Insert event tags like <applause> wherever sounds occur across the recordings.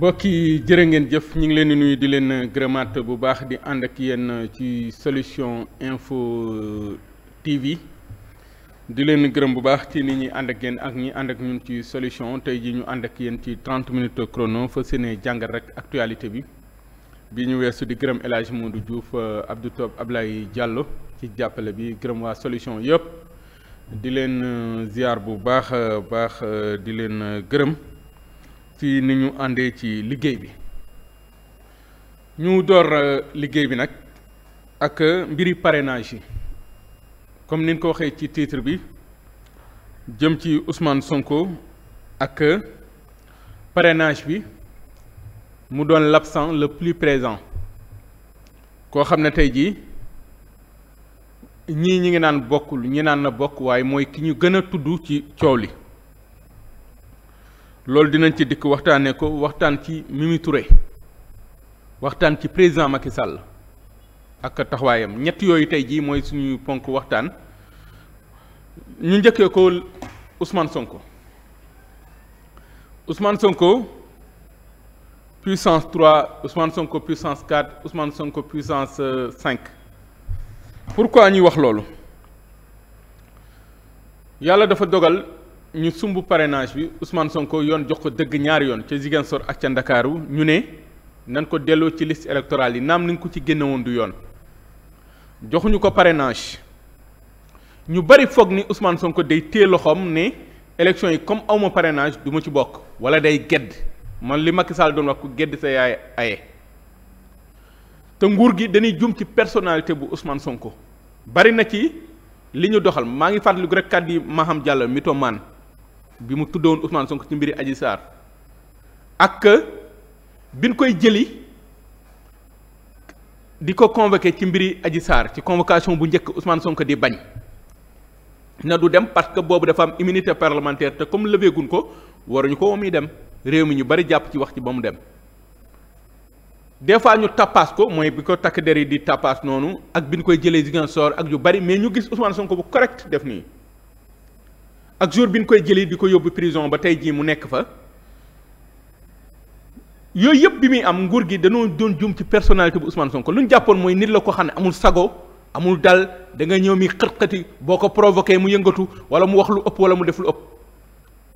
mbokk yi jërë ngeen jëf ñu ngi leen di di leen gërëmaat bu baax di ànd ak yéen ci solution info euh, TV di leen gërëm bu baax ci ni ñi ànd ak yenn ak ñi ànd ak ñun ci solution tey ji ñu ànd ak yéen ci 30 minutes chrono fa seenee jàngat rek actualité bi bi ñu weesu di gërëm El Hadj Modou Diouf euh, Abdou Top Ablaye Diallo ci jàppale bi gërëm waa solution yëpp di leen euh, ziar bu baax baax di leen gërëm. ci ni ñu àndee ci liggéey bi ñu door euh, liggéey bi nag ak mbiri parrainage yi comme ni ñu ko waxee ci tiitre bi jëm ci Ousmane Sonko ak parenage bi mu doon lapsant le plus présent koo xam ne tey jii ñii ñi ngi naan bokkul ñi naan na bokk waaye mooy ki ñu gën a tudd ci coow li loolu dinañ ci dikk waxtaanee ko waxtaan ci Mimi Touré waxtaan ci président Macky Sall ak taxawaayam ñett yooyu tey jii mooy suñu ponk waxtaan ñu njëkkee ko Ousmane Sonko Ousmane Sonko puissance 3 Ousmane Sonko puissance 4 Ousmane Sonko puissance 5 euh, pourquoi ñuy wax loolu yàlla dafa dogal. ñu sumb parenage bi Ousmane Sonko yoon jox ko dëgg ñaari yoon ca Ziguinchor ak ca Ndakaaru ñu ne nan ko delloo ci list électorale yi naam nañ ko ci génnewoon du yoon joxuñu ko parrainage ñu bari foog ni Ousmane Sonko day téye loxoom ne élection yi comme awma parrainage du ma ci bokk wala day gedd man li Macky Sall doon wax ku gedd sa yaay aye te nguur gi dañuy jum ci personnalité bu Ousmane Sonko bari na ci li ñu doxal maa ngi fàttaliku rek kàddu yi Maham Diallo bi mu tuddoon Ousmane sonk ci mbiri aji saar ak biñ koy jëli di ko convoqué ci mbir yi aji Sarr ci convocation bu njëkk Ousmane Sonko di bañ na du dem parce que boobu dafa am immunité parlementaire te comme leveegun ko war waruñu ko muy dem réew mi ñu bari jàpp ci wax ci ba mu dem des fois ñu tappaas ko mooy bi ko takk der yi di tappaas noonu ak bi ñu koy jëlee Ziguinchor ak yu bari mais ñu gis Ousmane Sonko bu correct def nii ak jour bi ñu koy jëlee di ko yóbbu prison ba tey jii mu nekk fa yooyu yëpp bi muy am nguur gi dañoo doon jum ci personnalité bu Ousmane Sonko lu ñu jàppoon mooy nit la ko xam ne amul sago amul dal da nga ñëw mi xët-xëti boo ko provoqué mu yëngatu wala mu wax lu ëpp wala mu def lu ëpp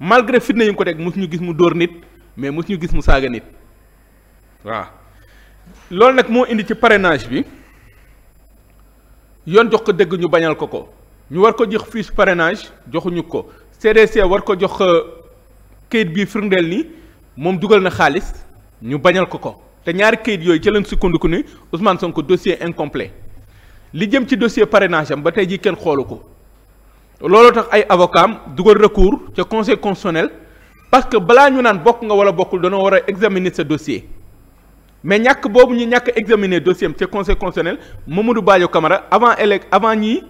malgré fitna yi nga ko teg mosu ñu gis mu dóor nit mais mosu ñu gis mu saaga nit waaw loolu nag moo indi ci parrainage bi yoon jox ko dégg ñu bañal ko ko. ñu war ko jox fiche parrainage joxuñu ko CDC war ko jox euh, kayit bii firndeel ni moom dugal na xaalis ñu bañal ko ko te ñaari kayit yooyu ci leen sukkandiku ni Ousmane ko dossier incomplet li jëm ci dossier parrainage ba tey jii kenn xoolu ko looloo tax ay avocat am dugal recours ca conseil constitutionnel parce que balaa ñu naan bokk nga wala bokkul danoo war a examiner sa dossier mais ñàkk boobu ñu ñàkk examiner dossier am ca conseil constitutionnel Mamadou Badio Camara avant élec avant ñii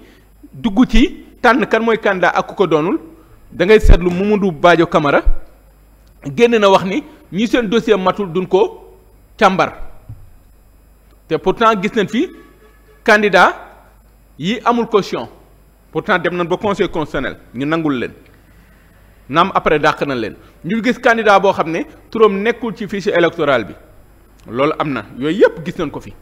dugg ci tànn kan mooy candidat ak ku ko doonul da ngay seetlu Mamadou baajo kamara génn na wax ni ñi seen dossier matul dun ko càmbar te pourtant gis nañ fi candidat yi amul caution pourtant dem na ba conseil constitutionnel ñu nangul leen naam après dàq nañ leen ñu gis candidat boo xam ne turam nekkul ci fichier électoral bi loolu am na yooyu yëpp gis nañ ko fi.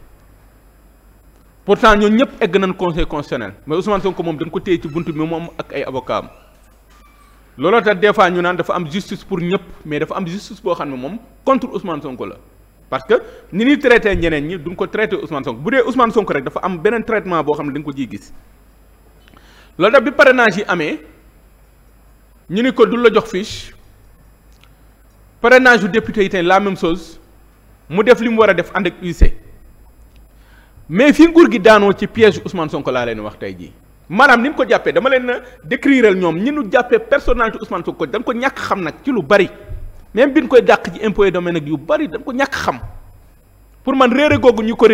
pourtant ñooñu ñëpp egg nañ conseil constitutionnel mais Ousmane Sonko moom dañ ko téye ci bunt bi moom ak ay avocat am looloo tax des fois ñu naan dafa am justice pour ñëpp mais dafa am justice boo xam ne moom contre Ousmane Sonko la parce que ni ñuy traité ñeneen ñi duñ ko traité Ousmane Sonko bu dee Ousmane Sonko rek dafa am beneen traitement boo xam ne dañ ko ciy gis loolu tax bi parrainage yi amee ñu ni ko du la jox fiche parrainage yu député yi tey la même chose mu def li mu war a def ànd ak mais fi nguur gi daanoo ci piège Ousmane Sonko laa leen wax tey jii maanaam ni mu ko jàppee dama leen a décrire ñoom ñi nu jàppee personnalité Ousmane Sonko dañ ko ñàkk xam nag ci lu bari même bi ñu koy dàq ci impôt domaine ak yu bari dañ ko ñàkk xam pour man réere googu ñu ko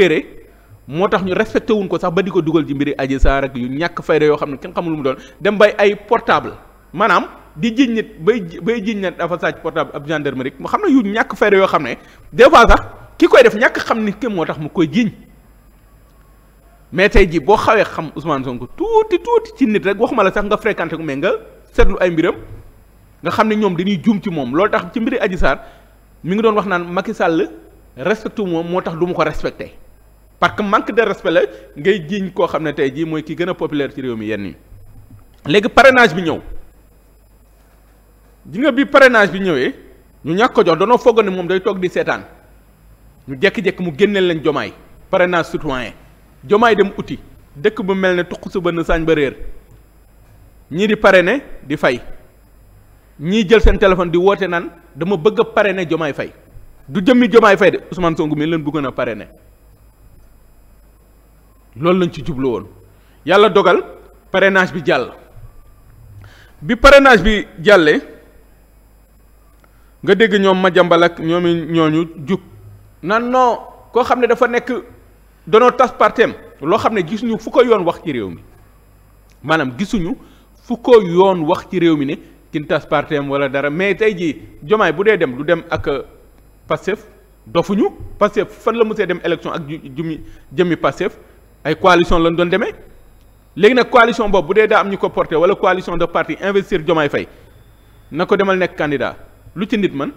moo tax ñu respecté wuñ ko sax ba di ko dugal ci mbiri Adji Sarr ak yu ñàkk fayda yoo xam ne kenn xamul lu mu doon dem bay ay portable maanaam di jiñ nit bay bay jiñ nit dafa sàcc portable ab gendarmerie mu xam ne yu ñàkk fayda yoo xam ne des fois sax ki koy def ñàkk xam ni ki moo tax mu koy jiñ mais tey jii boo xawee xam Ousmane Sonko tuuti tuuti ci nit rek waxuma la sax nga fréquenté ko mais nga seetlu ay mbiram nga xam ne ñoom dañuy juum ci moom loolu tax ci mbiri Adji Sarr mi ngi doon wax naan Macky sàll respecté moom moo tax duma ko respecté parce que manque de respect la ngay jiiñ koo xam ne tey jii mooy ki gën a populaire ci réew mi yenn yi léegi parrainage bi ñëw ji nga bi parrainage bi ñëwee ñu ñàkk ko jox danoo foogoon ne moom day toog di seetaan ñu jékki-jékki mu génneel leen jomaay parrainage citoyen jomaay dem uti dëkk ba mel ne tuq su bënn saañ ba réer ñii di parrainé di fay ñii jël seen téléphone di woote naan dama bëgg a parrainé jomaay fay du jëmmi jomaay fay de Ousmane Sonko mi leen bëggoon a parrainé loolu lañ ci jublu woon yàlla dogal parrainage bi jàll bi parrainage bi jàlle nga dégg ñoom Madiambal ak ñoomi ñooñu jug nan noo koo xam ne dafa nekk danoo tas partem loo xam ne gisuñu fu ko yoon wax ci réew mi maanaam gisuñu fu ko yoon wax ci réew mi ne kin tas partem wala dara mais tey jii jomaay bu dee dem du dem ak euh, Pastef dofuñu Pastef fan la mu musee dem élection ak jumi jëmmi Pastef ay coalition lañ doon demee léegi nag coalition boobu dee daa am ñu ko porté wala coalition de parti investir jomaay fay na ko demal nekk candidat lu ci nit man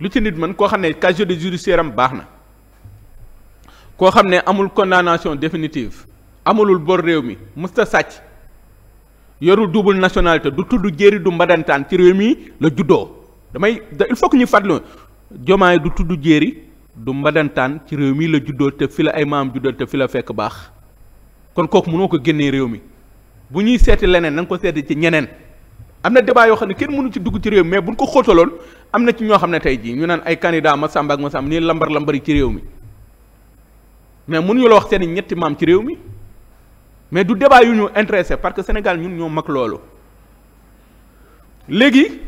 lu ci nit man koo xam ne casier de judiciaire am baax na koo xam ne amul condamnation définitive amalul bor réew mi musta sàcc yorul duubul nationalité du tudd jéeri du mbadantaan ci réew mi la juddoo damay il faut que ñu fàttali jomaay du tudd jéeri du mbadantaan ci réew mi la juddoo te fi la ay maam juddoo te fi la fekk baax kon kook mënoo ko génnee réew mi bu ñuy seeti leneen na ko seeti ci ñeneen am na débat yoo xam ne kenn mënu ci dugg ci réew mi mais buñ ko xóotaloon am na ci ñoo xam ne tey jii ñu naan ay candidat ma sàmba ak ma sàmb lambar lambar ci réew mi mais mënuñu la wax seen ñetti maam ci réew mi mais du débat yu ñu intéressé parce que Sénégal ñun ñoo mag loolu léegi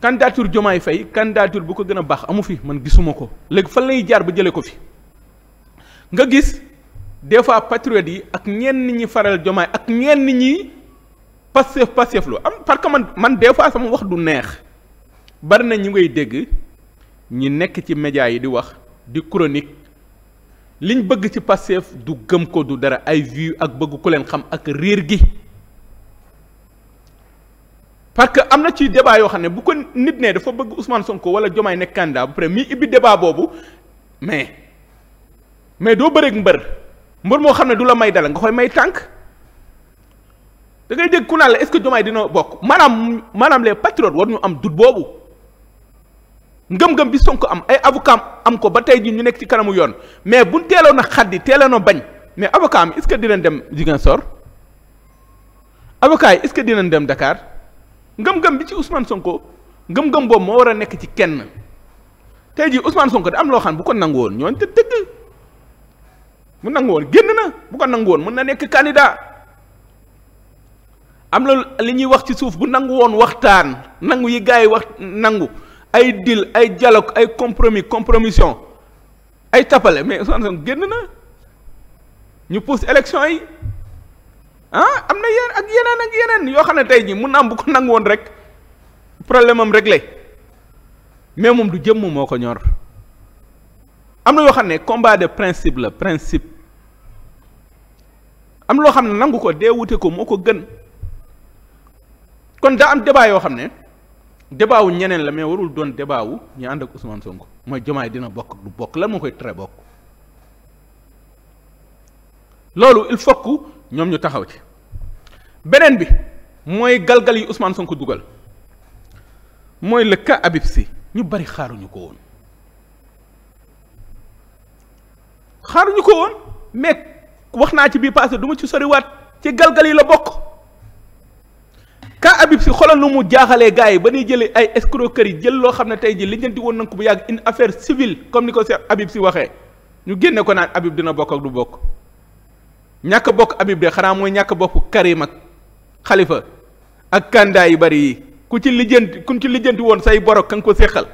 candidature Diomaye Faye candidature bu ko gën a baax amu fi man gisuma ko léegi fan lay jaar ba jëlee ko fi nga gis des fois patriotes yi ak ñenn ñi faral Diomaye ak ñenn ñi Pastef Pastef lu am parce que man man des fois sama wax du neex bari na ñu ngay dégg ñi nekk ci médias yi di wax di chronique liñ bëgg ci Pastef du gëm ko du dara ay vues ak bëgg ko leen xam ak riir gi parce que am na ci débat yoo xam ne bu ko nit nee dafa bëgg Ousmane Sonko wala Diomaye nekk candidat bu pare mi ibbi débat boobu mais mais doo bëreeg mbër mbër moo xam ne du la may dala nga koy may tànk da ngay dégg ku naan la est-ce que Diomaye dina bokk maanaam maanaam les patriotes war ñu am dut boobu. ngëm-ngëm bi sonk am ay avocat am ko ba tey ji ñu nekk ci kanamu yoon mais buñ teeloon a xaddi teeloon a bañ mais avocat am est-ce que dinañ dem Ziguinchor avocat yi est-ce que dinañ dem Dakar ngëm-ngëm bi ci usmaan Sonko ngëm-ngëm boobu moo war a nekk ci kenn tey ji Ousmane Sonko da am loo xam bu ko nangu woon ñooñu te dëgg mu nangu woon génn na bu ko nangu woon mën na nekk candidat am na li ñuy wax ci suuf bu nangu woon waxtaan nangu yi gars yi wax nangu ay deal ay dialogue ay compromis compromision ay tapale mais Ousmane Sonko génn na ñu pousse élection yi ah am na yenn ak yeneen ak yeneen yoo xam ne tey jii mun na bu ko nangu woon rek problème am réglé mais moom du jëmm moo ko ñor am na yoo xam ne combat de principe la principe am loo xam ne nangu ko dee wute ko moo ko gën kon daa am débat yoo xam ne débat ñeneen la mais warul doon débat wu ñu ànd ak Ousmane Sonko mooy Diomaye dina bokk du bokk lan moo koy tere bokk loolu il faut ñoom ñu taxaw ci beneen bi mooy galgal yi Ousmane Sonko dugal mooy lëkk cas si ñu bari xaaruñu ko woon xaaruñu ko woon mais wax naa ci bii passé du ma ci soriwaat ci galgal yi la bokk. ka Habib si xoolal nu mu jaaxale gars yi ba ñuy jëlee ay yi jël loo xam ne tey ji lijjanti woon nañ ko bu yàgg une affaire civile comme ni ko Cheikh Habib Sy waxee ñu génne ko naan Habib dina bokk ak du bokk ñàkk bokk Habib de xanaa mooy ñàkk bokk Karim ak xalifa ak kandaa yu bari yi ku ci lijjant ku ci lijjanti woon say boro ka nga ko séqal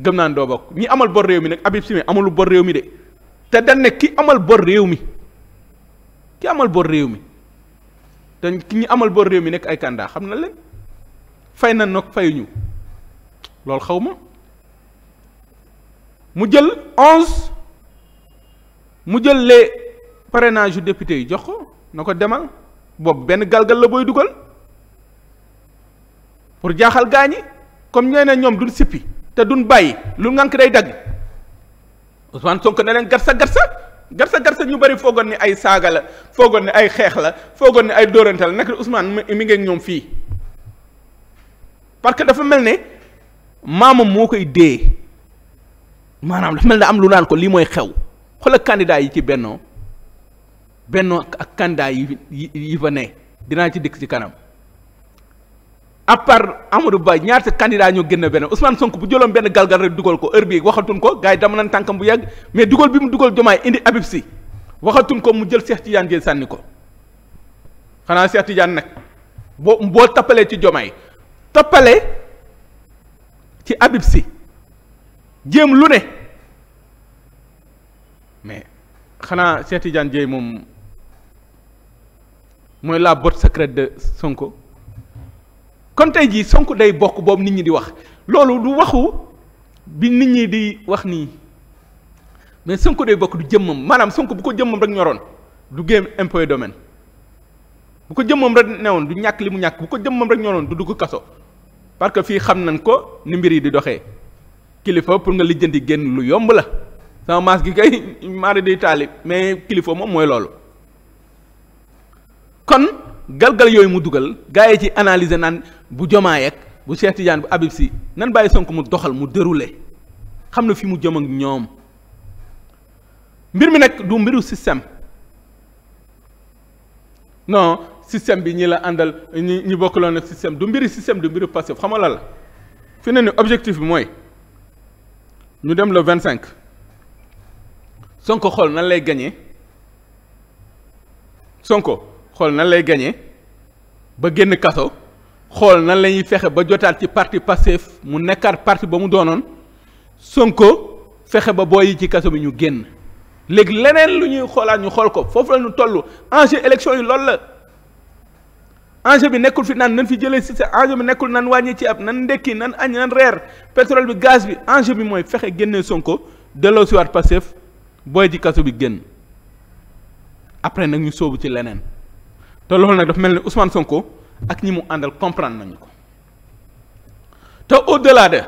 gëm naan doo bokk ñi amal bor réew mi nag Habib si mi amalu bor réew mi de te dañ ne ki amal bor réew mi ki amal bor réew mi te ki ñu amal bor réew mi nekk ay candidat xam na leen fay na nag fayuñu loolu xaw ma mu jël onze mu jël les parrainages yu député yi jox ko na ko demal boobu benn galgal la booy dugal pour jaaxal gaañi comme ñooy ne ñoom duñ sippi te duñ bàyyi lu ngànk day dagg Ousmane Sonko ne leen garsa garsa garsa garsa ñu bari foogoon ni ay saaga la foogoon ni ay xeex la foogoon ni ay dóorante la naka Ousmane mi ngi ñoom fii parce que dafa mel ne maamam moo koy dee maanaam dafa mel ne am lu naan ko lii mooy xew xoolal candidat yi ci bennoo bennoo ak candidat yi yi fa ne dinaa ci dikk ci kanam. à part Amadou Ba ñaata candidat ñoo génn beneen Ousmane Sonko bu jëloon benn galgal rek dugal ko heure bii waxatuñ ko gars yi dama nañ tànkam bu yàgg mais dugal bi mu dugal jomaay indi Habib Sy waxatuñ ko mu jël seex Tidiane Dièye sànni ko xanaa Cheikh Tidiane nag boo boo tappalee ci jomaay tappalee ci Habib jéem lu ne mais xanaa Cheikh Tidiane moom mooy la botte secrète de Sonko. kon tey jii Sonko day bokk boobu nit ñi di wax loolu du waxu bi nit ñi di wax nii mais Sonko day bokk du jëmmam maanaam Sonko bu ko jëmmam rek ñoroon du génn domaine bu ko jëmmam rek newoon du ñàkk li mu ñàkk bu ko jëmmam rek ñoroon du dugg kaso parce que fii xam nañ ko ni mbir yi di doxee kilifa pour nga lijjanti génn lu yomb la sama maas gi kay <laughs> maari day taalib mais kilifa moom mooy loolu kon galgal yooyu mu dugal gars yi ci analyse naan bu Diomaye ak bu Cheikh Tidiane bu Habib si nan bàyyi Sonko mu doxal mu dërule xam na fi mu jëm ak ñoom mbir mi nag du mbiru système non système bi ñi la àndal ñi ñi loon ak système du mbiri système du mbiru passif xam nga la la fi ne ni objectif bi mooy ñu dem le vingt cinq Sonko xool nan lay gañe Sonko xool nan lay gañee ba génn kaso xool nan la ñuy fexe ba jotaat ci parti Pastef mu nekkaat parti ba mu doonoon Sonko fexe ba booy yi ci kaso bi ñu génn léegi leneen lu ñuy xoolaat ñu xool ko foofu la ñu toll enjeu élection yi loolu la ange bi nekkul fi naan nan fi jëlee si sa enjeu bi nekkul nan wàññi ci ab nan ndekki nan añ nan reer pétrole bi gaz bi enjeu bi mooy fexe génne Sonko delloo siwaat Pastef booy ji kaso bi génn après nag ñu soobu ci leneen te loolu nag dafa mel ni Ousmane Sonko ak ñi mu àndal comprendre nañu ko te au-delà de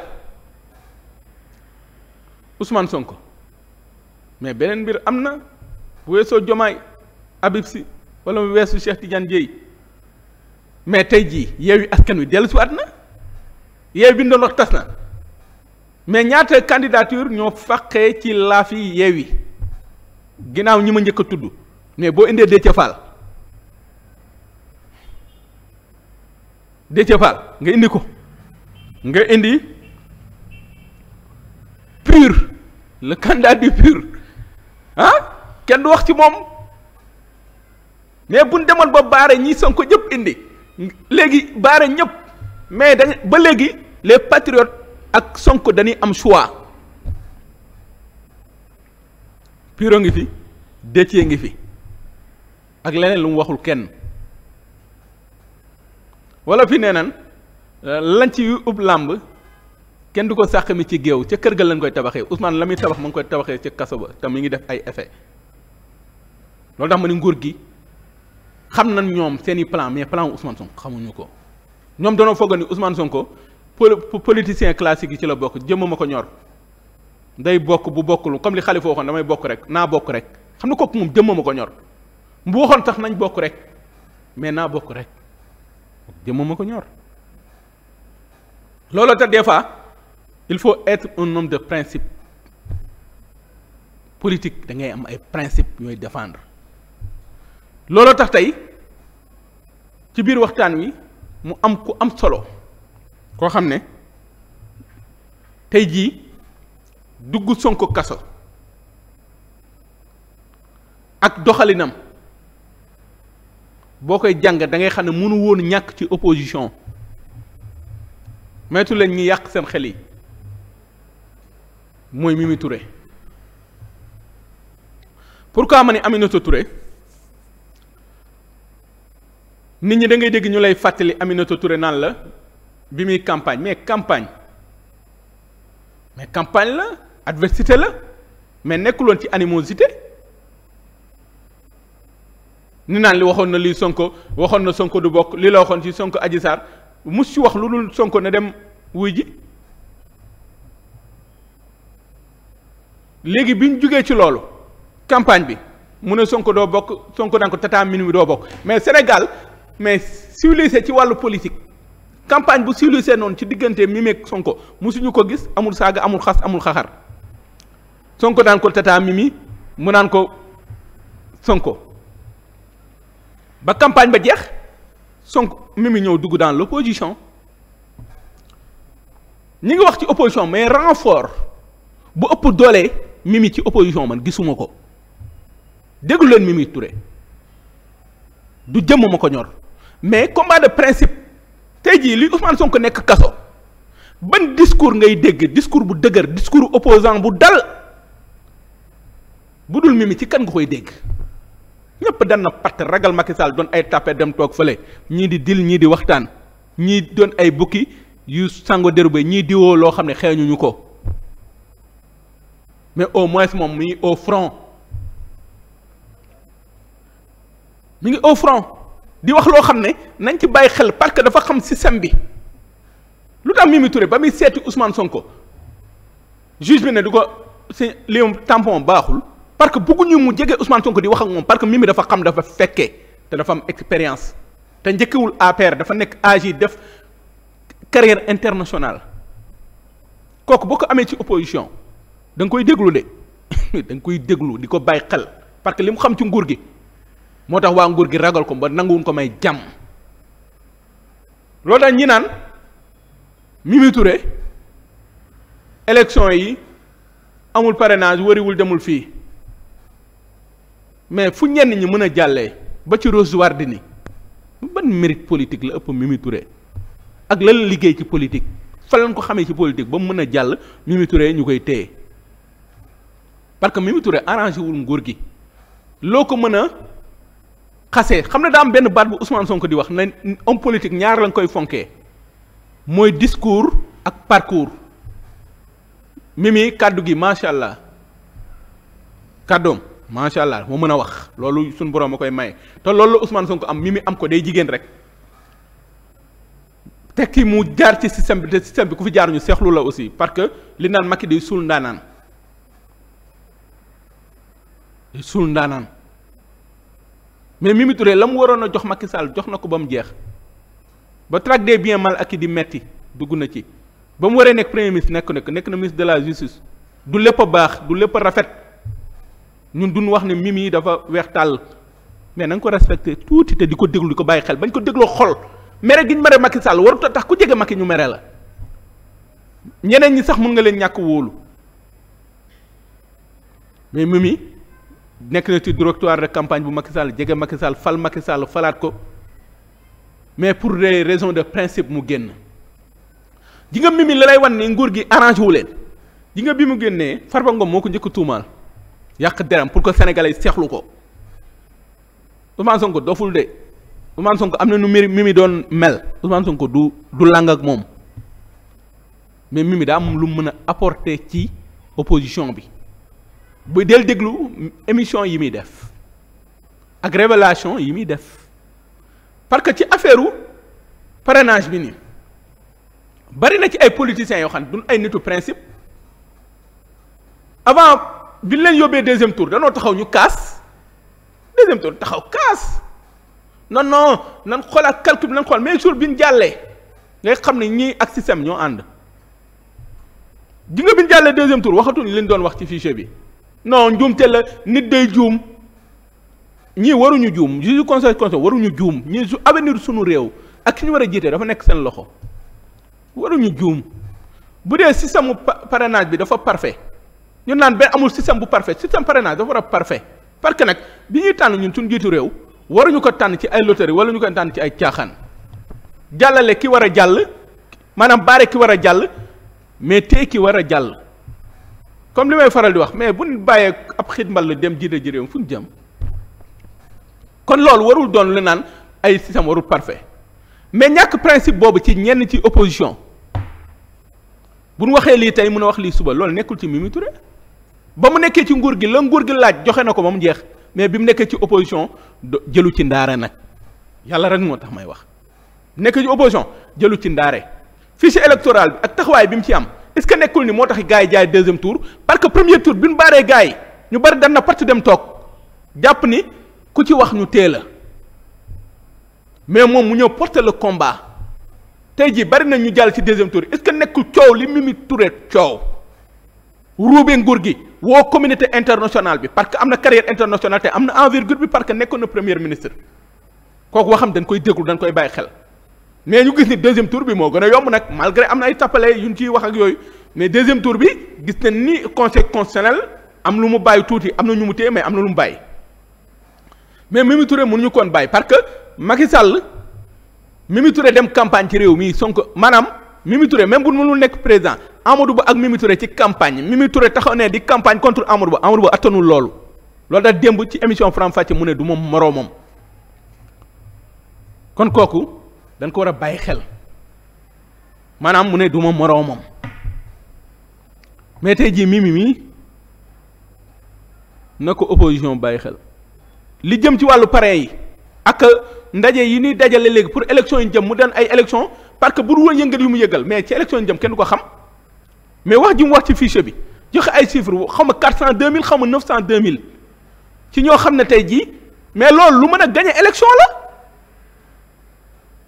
Ousmane Sonko mais beneen mbir am na bu weesoo Jomaay Habib Sy wala mu weesu Cheikh Tidiane Dièye mais tey jii yi Askan Wi dellu si waat na Yewwi bi ñu tas na mais ñaata candidature ñoo faqee ci laafi Yewwi ginnaaw ñi ma njëkk tudd mais boo indee Déthié Fall Déthié Fall nga indi ko nga indi pur le candidat du pur ah kenn du wax ci moom mais buñ demoon ba baare ñi Sonko ñëpp indi léegi baare ñëpp mais dañ ba léegi les patriotes ak sonk dañuy am choix pur a ngi fi Déthié ngi fi ak leneen lu mu waxul kenn wala fi nee nan euh, lañ ci ub làmb kenn du ko sàq mi ci géew ca kër ga lañ koy tabaxee Ousmane la muy tabax ma ngi koy tabaxee ca kaso ba te mu ngi def ay effet loolu tax ma ni nguur gi xam nañ ñoom seen i plan mais plan Ousmane Sonko xamuñu ko ñoom danoo foog ni Ousmane Sonko po politicien classique yi ci la bokk jëmm ma ko ñor day bokk bu bokkul comme li Khalifa waxoon damay bokk rek naa bokk rek xam na ko moom jëmm ma ko ñor bu waxoon tax nañ bokk rek mais naa bokk rek. jëmmam a ko ñor looloo tax des fois il faut être un homme de principe politique da ngay am ay principe ñooy défendre looloo tax tey ci biir waxtaan wi mu am ku am solo koo xam ne tey jii dugg Sonko kaso ak doxalinam boo koy jàng da ngay xam ne mënu woon ñàkk ci opposition maytu leen ñi yàq seen xel yi mooy Mimi Touré pourquoi ma ne Aminata Touré nit ñi da ngay dégg ñu lay fàttali Aminata Touré naan la bi muy campagne mais campagne mais campagne la adversité la mais nekkuloon ci animosité ni naan li waxoon na lii Sonko waxoon na Sonko du bokk li la waxoon ci Sonko Adji Sarr musu ci wax lu dul Sonko na dem wuy ji léegi bi ñu jugee ci loolu campagne bi mu ne Sonko doo bokk Sonko daan ko tata min bokk mais Sénégal mais civilisé ci wàllu politique campagne bu civilisé noonu ci diggante Mimi ak Sonko musuñu ko gis amul saaga amul xas amul xaxar Sonko daan ko Mimi mu naan ko Sonko ba campagne ba jeex Sonko Mimi ñëw dugg dans l' opposition ñi ngi wax ci opposition mais renfort bu ëpp doole Mimi ci opposition man gisuma ko déglu leen Mimi Touré du jëmm ma ko ñor mais combat de principe tey jii li Ousmane Sonko nekk kaso ban discours ngay dégg discours bu dëgër discours opposant bu dal bu dul Mimi ci kan nga koy dégg. ñëpp dem na pat ragal Macky Sall doon ay tapé dem toog fële ñii di dil ñii di waxtaan ñii doon ay bukki yu sango dérubé ñii diwoo loo xam ne xeeñuñu ko mais au moins moom mu ngi au front mi ngi au di wax loo xam ne nañ ci bàyyi xel parce que dafa xam système bi lu tax Mimi Touré ba muy seeti Ousmane Sonko juge bi ne du ko si li tampon baaxul. parce que bëgguñu mu jege Ousmane Sonko di wax ak moom parce que Mimi dafa xam dafa fekkee te dafa am expérience te njëkkewul APR dafa nekk AJ def carrière internationale kooku boo ko amee ci opposition da nga koy déglu de <laughs> danga koy déglu di ko bàyyi xel parce que li mu xam ci nguur gi moo tax waa nguur gi ragal ko ba nanguwuñ ko may jàmm loolu daal ñi naan Mimi Touré élection yi amul parrainage wariwul demul fii. mais fu ñenn ñi mën a jàllee ba ci Rose Wardini ban mérite politique la ëpp Mimi Touré ak lan la liggéey ci politique fan ko xamee ci politique ba mu mën a jàll Mimi Touré ñu koy téye parce que Mimi Touré wul nguur gi loo ko mën a xasee xam ne daa am benn baat bu Ousmane Sonko di wax ne homme politique ñaar lañ koy fonkee mooy discours ak parcours Mimi kàddu gi macha allah kàddoom. macha allah moo mën a wax loolu suñu borom a koy maye te loolu la Ousmane ko am mi mi am ko day jigéen rek te tekki mu jaar ci système bi te système bi ku fi jaar ñu seexlu la aussi parce que li naan Macky di suul ndaanaan day suul ndaanaan mais Mimi Touré la mu waroon a jox Macky Sall jox na ko ba mu jeex ba traque des biens mal acquis di metti dugg na ci ba mu waree nekk premier ministre nekk nekk nekk na ministre de la justice du lépp a baax du lépp a rafet. ñun duñ wax ne Mimi dafa weex tàll mais na nga ko respecté tuuti te di ko déglu di ko bàyyi xel bañ ko dégloo xol mere gi ñu mere Macky Sall warut a tax ku jege Macky ñu mere la ñeneen ñi sax mun nga leen ñàkk wóolu mais Mimi nekk na ci directoire de campagne bu Macky Sall jege Macky Sall fal Macky Sall falaat ko mais pour des raisons de principe mu génn ji nga Mimi la lay wan ne nguur gi arrangé wu leen ji nga bi mu génnee Farba Ngom moo ko njëkk tuumaal. yàq deram pour que sénégalais seexlu ko Ousmane Sonko doful de Ousmane Sonko am na nu mi mi doon mel Ousmane Sonko du du làng ak moom mais mi mi daa moom lu mu mën a apporter ci opposition bi bu del déglu émission yi muy def ak révélation yi muy def parce que ci affaire u parrainage bi nii bari na ci ay politiciens yoo xam ne duñ ay nitu principe avant. bi leen yóbbee deuxième tour danoo taxaw ñu kaas deuxième tour taxaw kaas non non nan xoolaat calcul nan xool mais jour bi ñu jàllee ngay xam ne ñii ak système ñoo ànd ji nga bi jàllee deuxième tour waxatuñ li ñu doon wax ci fichier bi non njuumte la nit day juum ñii waruñu juum juge conseil conseil waruñu juum ñii su avenir suñu réew ak ki ñu war a jiitee dafa nekk seen loxo waruñu juum bu dee système mu parrainage bi dafa parfait ñu naan benn amul système bu parfait système parrainage dafa war a parfait parce que nag bi ñuy tànn ñun suñu jiitu réew waruñu ko tànn ci ay loterie wala ñu ko tànn ci ay caaxaan jàllale ki war a jàll maanaam baare ki war a jàll mais tey ki war a jàll comme li may faral di wax mais bu ñu bàyyee ab xidmal la dem jiite ji réew fu ñu jëm kon loolu warul doon lu naan ay système warul parfait mais ñàkk principe boobu ci ñenn ci opposition bu ñu waxee lii tey mën a wax lii suba loolu nekkul ci Mimi ba mu nekkee ci nguur gi la nguur gi laaj joxe na ko ba mu jeex mais bi mu nekkee ci opposition jëlu ci ndaare nag yàlla rek moo tax may wax nekk ci opposition jëlu ci ndaare fichier électoral bi ak taxawaay bi mu ci am est-ce que nekkul ni moo tax gars yi jaay deuxième tour parce que premier tour bi ñu baaree gars ñu bari dan na parti dem toog jàpp ni ku ci wax ñu tee la mais moom mu ñëw porter la combat tey jii bari na ñu jàll ci deuxième tour est-ce nekkul coow li Mimi Touré coow ruubee nguur gi woo communauté internationale bi parce que am na carrière internationale te am na envergure bi parce que nekkoon na premier ministre kooku waxam dañ koy déglu dañ koy bàyyi xel mais ñu gis ni deuxième tour bi moo gën a yomb nag malgré am na ay tappale yu ñu ciy wax ak yooyu mais deuxième tour bi gis nañ ni conseil constitutionnel am lu mu bàyyi tuuti am na ñu mu téye mais am na lu mu bàyyi mais Mimi Touré ñu koon bàyyi parce que Macky Sall Mimi dem campagne ci réew mi Sonko maanaam Mimi Touré même bu mënul nekk président Amadou Ba ak Mimi ci campagne Mimi Touré taxaw ne di campagne contre Amadou Ba Amadou Ba attanul loolu loolu daal démb ci émission Faram Facce mu ne du moom kon kooku dañ ko war a bàyyi xel maanaam mu ne du ma moroomam mais tey jii Mimi mi na ko opposition bàyyi xel li jëm ci wàllu pare yi ak ndaje yi ñuy dajale léegi pour élection yi jëm mu daan ay élection parce que bu dul woon yëngal yu mu yëgal mais ci élection jëm kenn du ko xam. mais wax ji mu wax ci fichier bi joxe ay chiffres xaw ma quatre cent deux mille xaw ma neuf cent deux mille ci ñoo xam ne tey jii mais loolu lu mën a gañe élection la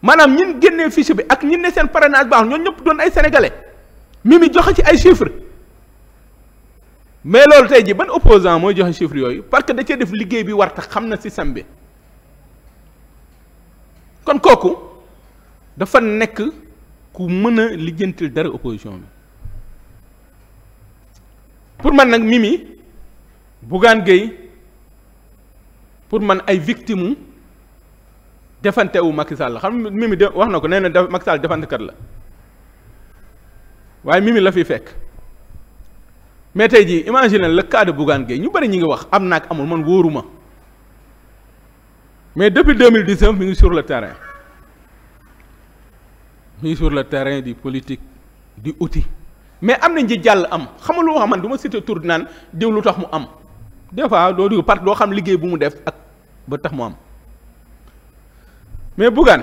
maanaam ñin génne fichier bi ak ñin ne seen parrainage baax ñoo ñëpp doon ay sénégalais mi mi joxe ci ay chiffres mais loolu tey jii ban opposant mooy joxe chiffres yooyu parce que da cee def liggéey bi war tax xam na système bi kon kooku dafa nekk ku mën a lijjantil dara opposition bi pour man nag Mimi Bougane Gueye pour man ay victime defante wu Macky Sall la xam Mimi de wax na ko nee na def Macky Sall defantekat la waaye Mimi la fi fekk mais tey jii imagine le cas de Bougane Gueye ñu bari ñu ngi wax am naak amul man wóoruma mais depuis 2019 mi ngi sur le terrain mi ngi sur le terrain di politique di outil mais am na ñi jàll am xamaloo xam man du ma cité tur naan diw lu tax mu am des fois doo dugg part doo xam liggéey bu mu def ak ba tax mu am mais Bougane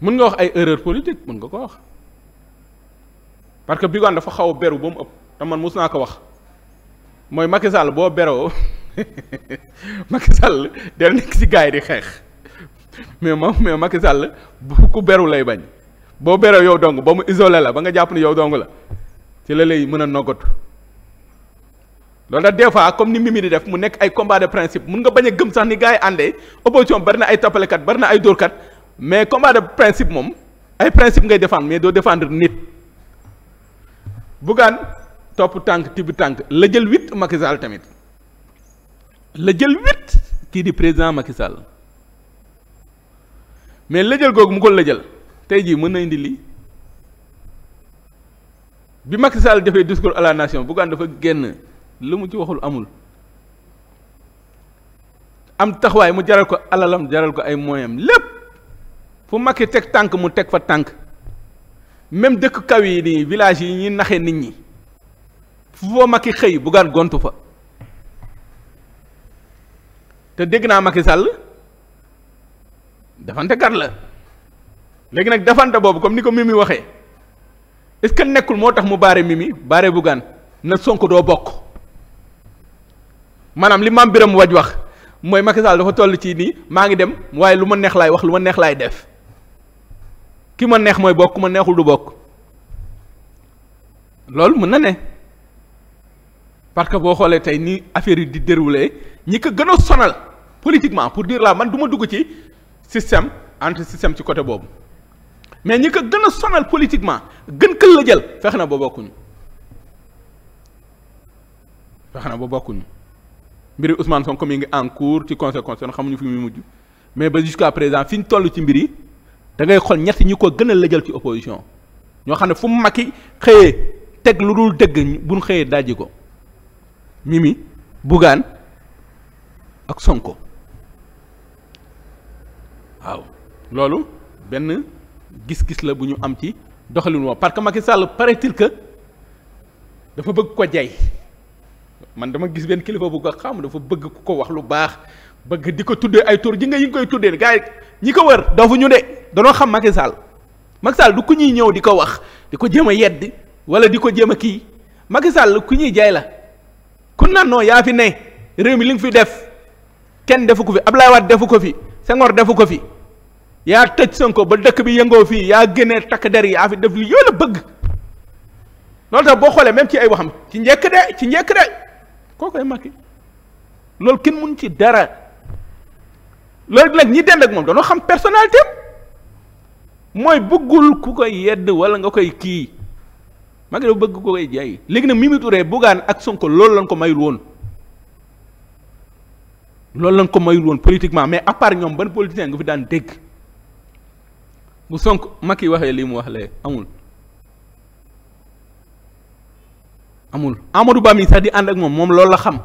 mën nga wax ay erreur politique mën nga koo wax parce que Bougane dafa xaw a beru ba mu ëpp te man mos naa ko wax mooy Macky boo beroo <laughs> Macky Sall nekk ci gars yi di xeex mais ma mais Macky Sall ku beru lay bañ. boo beroo yow dong ba mu isolé la ba nga jàpp ne yow dong la ci la lay mën a noggatu loolu nag des fois comme ni mii di def mu nekk ay combat de principe mun nga bañ a gëm sax ni gars yi àndee opposition bari na ay tappalekat bari na ay dóorkat mais combat de principe moom ay principe ngay défendre mais doo défendre nit Bougane topp tànk tibb tànk la jël huit Macky tamit la jël huit kii di président Macky mais la jël googu mu ko la jël tey jii mën na indi lii bi Macky Sall defee discours à la nation Bougane dafa génn lu mu ci waxul amul am taxawaay mu jaral ko alalam jaral ko ay moyam lépp fu Macky teg tànk mu teg fa tànk même dëkk kaw yi nii village yi ñuy naxe nit ñi fu foo Macky xëy Bougane gontu fa te dégg naa Macky sàll dafante kat la léegi nag defante boobu comme ni ko mii Mimi waxee est-ce que nekkul moo tax mu baare Mimi baare Bougane na Sonko doo bokk maanaam li maam Biram Waj wax mooy Macky Sall dafa toll ci nii maa ngi dem waaye lu ma neex laay wax lu ma neex laay def ki ma neex mooy bokk ma neexul du bokk loolu mën na ne parce que boo xoolee tey nii affaire yi di déroulé ñi ko gën a sonal politiquement pour dire laa man du ma dugg ci système anti système ci côté boobu mais ñi ko gën a sonal politiquement gën kë la jël fex na ba bokkuñu fex na ba bokkuñu mbiri Ousmane Sonko mi ngi en cours ci conseil constitutionnel xamuñu fi muy mujj mais ba jusqu'à présent fi ñu toll ci mbir yi da ngay xool ñett ñi ko gën a lëjal ci opposition ñoo xam ne fu mu Macky xëyee teg lu dul dëgg buñ xëyee dajji ko Mimi Bougane ak Sonko waaw loolu benn gis-gis la bu ñu am ci doxalin woo parce que Macky Sall paraît-il dafa bëgg ko jay man dama gis benn kilifa bu ko xam dafa bëgg ku ko wax lu baax bëgg di ko tuddee ay tur ji nga yi nga koy tuddee gars yi ñi ko wër dafa ñu de danoo xam Macky Sall Macky Sall du ku ñuy ñëw di ko wax di ko jéem a yedd wala di ko jéem a kii Macky Sall ku ñuy jaay la ku nan noo yaa fi ne réew mi li nga fi def kenn defu ko fi Ablaye Wade defu ko fi sengoor defu ko fi. yaa tëj Sonko ba dëkk bi yëngoo fii yaa génnee takk der yi yaa fi def li yoo la bëgg loolu tax boo xoolee même ci ay waxam ci njëkk de ci njekk de koo koy Macky loolu kenn mun ci dara loolu nag ñi dend ak moom dañoo xam personnalité mooy bëggul ku koy yedd wala nga koy kii Macky bëgg ko koy jaay léegi nag Mimi Touré Bougane ak Sonko loolu lañ ko mayul woon loolu lañ ko mayul woon politiquement mais à part ñoom ban politicien nga fi daan dégg. bu Sonko Macky waxee lii mu wax lee amul amul Amadou Ba sax di ànd ak moom moom loolu la xam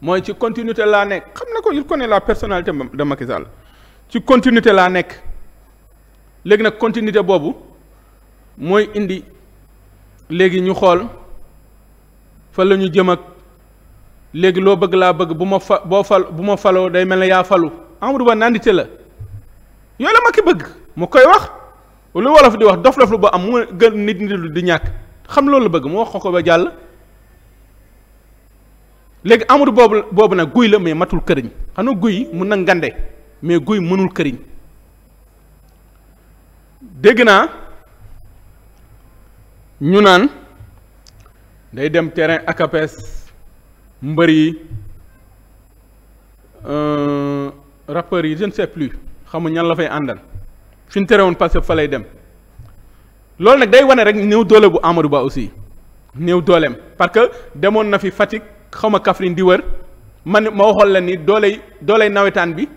mooy ci continuité laa nekk xam na ko il connaît la personnalité de Macky Sall ci continuité laa nekk léegi nag continuité boobu mooy indi léegi ñu xool fa la ñu jëm ak léegi loo bëgg laa bëgg bu ma fa boo fal bu ma faloo day mel ne yaa falu Amadou Ba nandite la yooyu la Macky bëgg. mu koy wax lu wolof di wax dof-dof lu ba am mu gën nit ñi di ñàkk xam loolu bëgg mu wax ko ko ba jàll léegi amul boobu boobu nag guy la mais matul këriñ xam nga guy mun na ngande mais guy mënul këriñ dégg naa ñu naan day dem terrain akapes mbër yi euh, rappeurs yi je ne sais plus xamu ñan la fay àndal fi ñu terewoon Pastef fa lay dem loolu nag day wane rek néew doole bu Amadou Ba aussi néew dooleem parce que demoon na fi Fatick xaw ma Kaffrine di wër man ma waxoon la ni dooley dooley nawetaan bi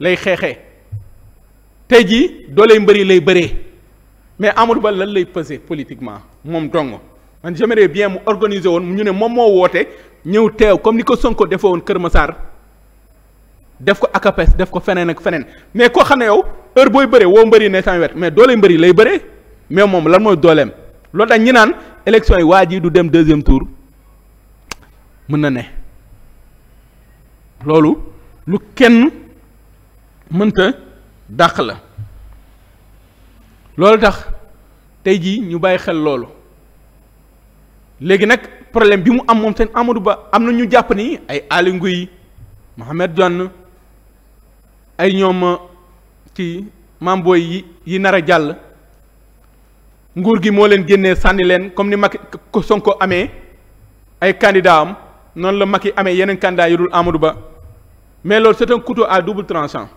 lay xeexee tey jii dooley mbëri lay bëree mais amaru Ba lan lay peser politiquement moom dong man j'aimerais bien mu organiser woon ñu ne moom moo woote ñëw teew comme ni ko Sonko defee woon Kër Massar. def ko akapes def ko feneen ak feneen mais koo xam ne yow heure booy bëree woo mbëri ne sama wet mais doole mbëri lay bëree mais moom lan mooy dooleem loolu dañ naan élection yi waa ji du dem deuxième tour mën na ne loolu lu kenn mënta dàq la loolu tax tey jii ñu bàyyi xel loolu léegi nag problème bi mu am moom seen Amadou Ba am na ñu jàpp ni ay Aly Ngouille Mohamed Dionne ay ñooma ci uh, maam booy yi yi nar jàll nguur gi moo leen génnee sànni leen comme ni mag ko son Sonko amee ay candidat am noonu la mag yi amee yeneen candidat yu dul Amadou Ba mais loolu c'est un couteau à double tranchant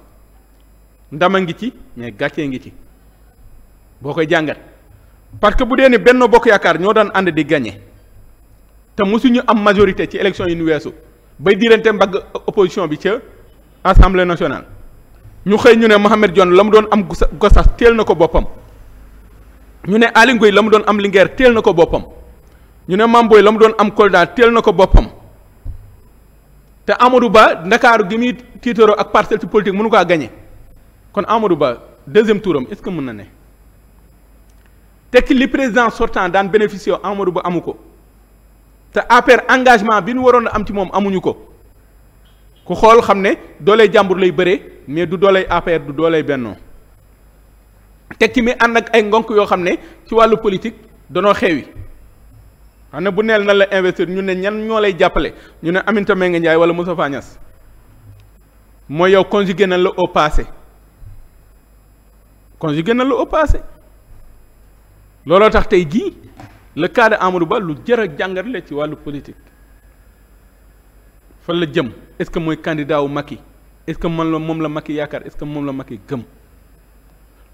ndama ngi ci mais gàccee ngi ci boo koy jàngat parce que bu dee ni Benno Bokk Yaakaar ñoo daan ànd di gagné te ñu am majorité ci élection yi ñu weesu bay diirante mbagg opposition bi ca assemblée nationale ñu xëy ñu ne Mohamed Dione la mu doon am Gossas teel na ko boppam ñu ne Aly la mu doon am Linguère teel na ko boppam ñu ne Mame Boye la mu doon am Kolda teel na ko boppam te Amadou Ba ndakaaru gi muy tiitaroo ak parcelle ci politique mënu kaa gagné kon Amadou Ba deuxième touram est-ce que mën na ne tekki li président sortan daan bénéficié Amadou Ba amu ko te APR engagement bi nu waroon am ci moom amuñu ko. ku xool xam ne dooley jàmbur lay bëree mais du dooley APR du dooley bennoo teg ci mi ànd ak ay ngonk yoo xam ne ci wàllu politique danoo xewi xam ne bu neel na la investir ñu ne ñan ñoo lay jàppale ñu ne Aminata nga njaay wala Moustapha Niasse mooy yow conjugué na la au passé conjugué na la au looloo tax tey jii la cas de Ba lu jër a jàngat ci wàllu politique fan la jëm est-ce que mooy candidat wu Macky est-ce que man la moom la Macky yaakaar est-ce que moom la Macky gëm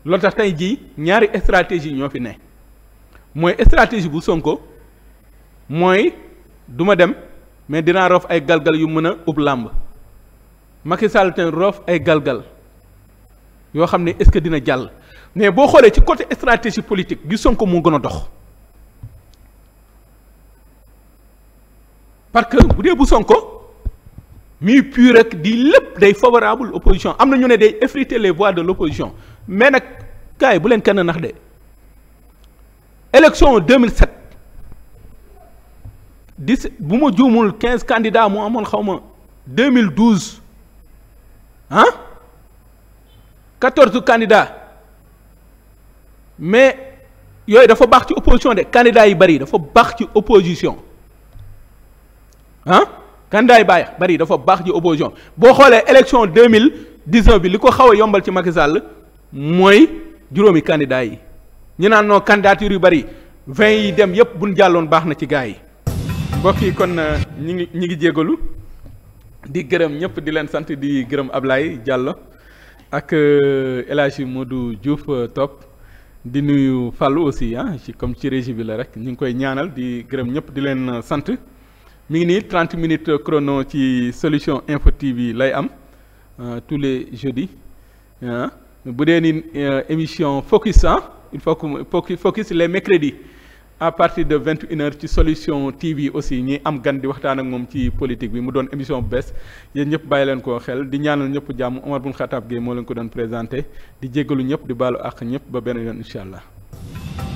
loolu tax tey jii ñaari stratégie ñoo fi ne mooy stratégie bu Sonko mooy duma dem mais dinaa roof ay galgal yu mën a ub làmb Macky Sall te ay galgal yoo xam ne est-ce que dina jàll mais boo xoolee ci côté stratégie politique gi Sonko moo gën a dox parce que bu dee bu Sonko muy pur rek di lépp day favorable opposition am na ñu ne day effriter les voix de l'opposition mais nag kaay bu leen kenn nax de élection 2007 dix bu ma juumul quinze candidats moo amoon xaw ma 2012 ah quatorze candidats mais yooyu dafa baax ci opposition de candidats yi bari dafa baax ci opposition ah. kandaay bàyyi bari dafa baax ci opposition boo xoolee élection deux mille dix neuf bi li ko xaw a yombal ci Macky mooy juróomi candidat yi ñu naan noo candidature yu bari vingt yi dem yépp buñ jàlloon baax na ci gars yi mbokk yi kon euh, ñi ngi ñi ngi jégalu di gërëm ñëpp di leen sant di gërëm Ablaye Diallo ak euh, El Hadji du Diouf euh, Top di nuyu Fallou aussi ah comme ci régie bi la rek ñu ngi koy ñaanal di gërëm ñëpp di leen sant mi ngi nii trente minutes euh, chrono ci solution info TV lay am euh, tous les jeudis bu dee ni euh, émission focus ah il faut que focus les mercredis à partir de 21 heures ci solution TV aussi ñi am gan di waxtaan ak moom ci politique bi mu doon émission bu bees yéen ñëpp bàyyi leen koo xel di ñaanal ñëpp jàmm Omar Bun Xataab Gueye moo leen ko doon présenté di jéggalu ñëpp di baalu àq ñëpp ba benn yoon incha allah.